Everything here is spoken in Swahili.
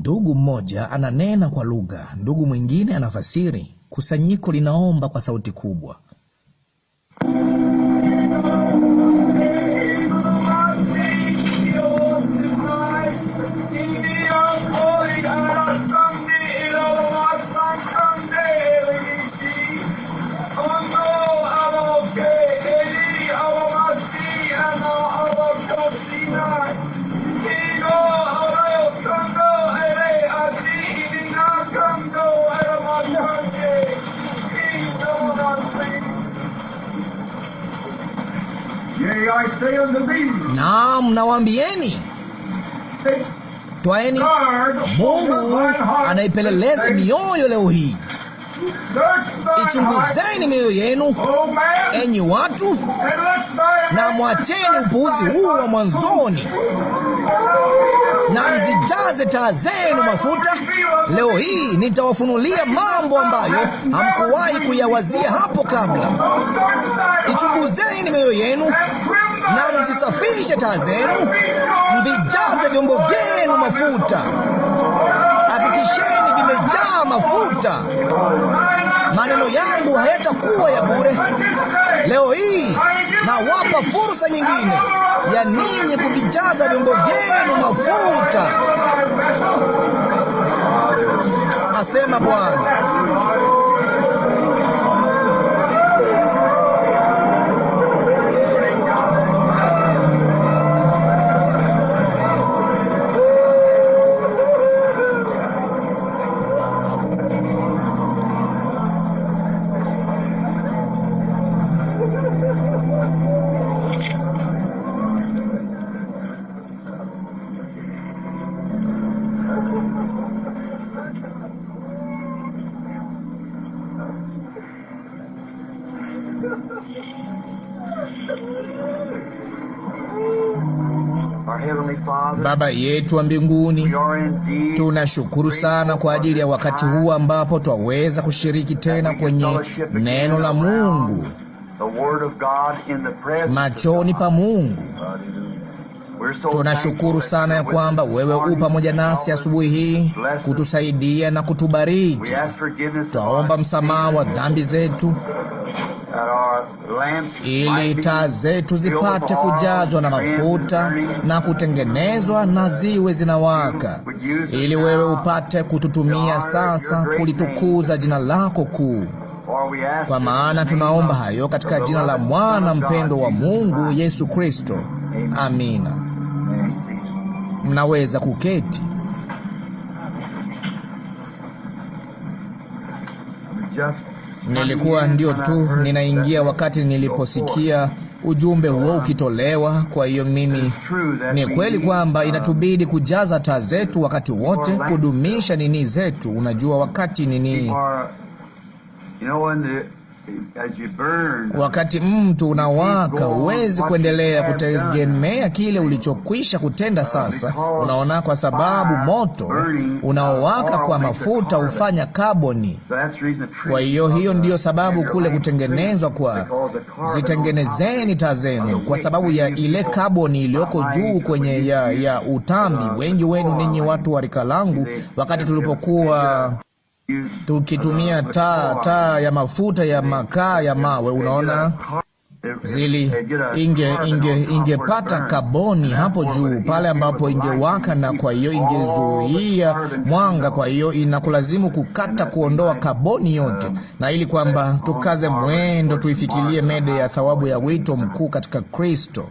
Ndugu mmoja ananena kwa lugha, ndugu mwingine anafasiri. Kusanyiko linaomba kwa sauti kubwa. Naam, nawaambieni twaeni, Mungu anaipeleleza mioyo leo hii. Ichunguzeni mioyo yenu, enyi watu, na mwacheni upuuzi huu wa mwanzoni, na mzijaze taa zenu mafuta Leo hii nitawafunulia mambo ambayo hamkuwahi kuyawazia hapo kabla. Ichunguzeni mioyo yenu na mzisafishe taa zenu, mvijaze vyombo vyenu mafuta, afikisheni vimejaa mafuta. Maneno yangu hayatakuwa ya bure. Leo hii nawapa fursa nyingine ya ninyi kuvijaza vyombo vyenu mafuta. Macema Buana. Baba yetu wa mbinguni, tunashukuru sana kwa ajili ya wakati huu ambapo twaweza kushiriki tena kwenye neno la Mungu machoni pa Mungu. Tunashukuru sana ya kwamba wewe u pamoja nasi asubuhi hii kutusaidia na kutubariki. Twaomba msamaha wa dhambi zetu ili taa zetu zipate kujazwa na mafuta na kutengenezwa na ziwe zinawaka, ili wewe upate kututumia sasa kulitukuza jina lako kuu. Kwa maana tunaomba hayo katika jina la mwana mpendo wa Mungu Yesu Kristo, amina. Mnaweza kuketi. Nilikuwa ndio tu ninaingia wakati niliposikia ujumbe huo ukitolewa. Kwa hiyo mimi, ni kweli kwamba inatubidi kujaza taa zetu wakati wote, kudumisha nini zetu. Unajua, wakati nini Wakati mtu unawaka, huwezi kuendelea kutegemea kile ulichokwisha kutenda sasa. Unaona, kwa sababu moto unaowaka kwa mafuta hufanya kaboni. Kwa hiyo, hiyo ndiyo sababu kule kutengenezwa kwa zitengenezeni taa zenu kwa sababu ya ile kaboni iliyoko juu kwenye ya, ya utambi. Uh, Wengi wenu ninyi watu wa rika langu, wakati tulipokuwa uh, tukitumia taa taa ya mafuta ya makaa ya mawe, unaona zili inge inge ingepata kaboni hapo juu pale ambapo ingewaka, na kwa hiyo ingezuia mwanga. Kwa hiyo inakulazimu kukata, kuondoa kaboni um, yote, na ili kwamba tukaze mwendo, tuifikilie mede ya thawabu ya wito mkuu katika Kristo.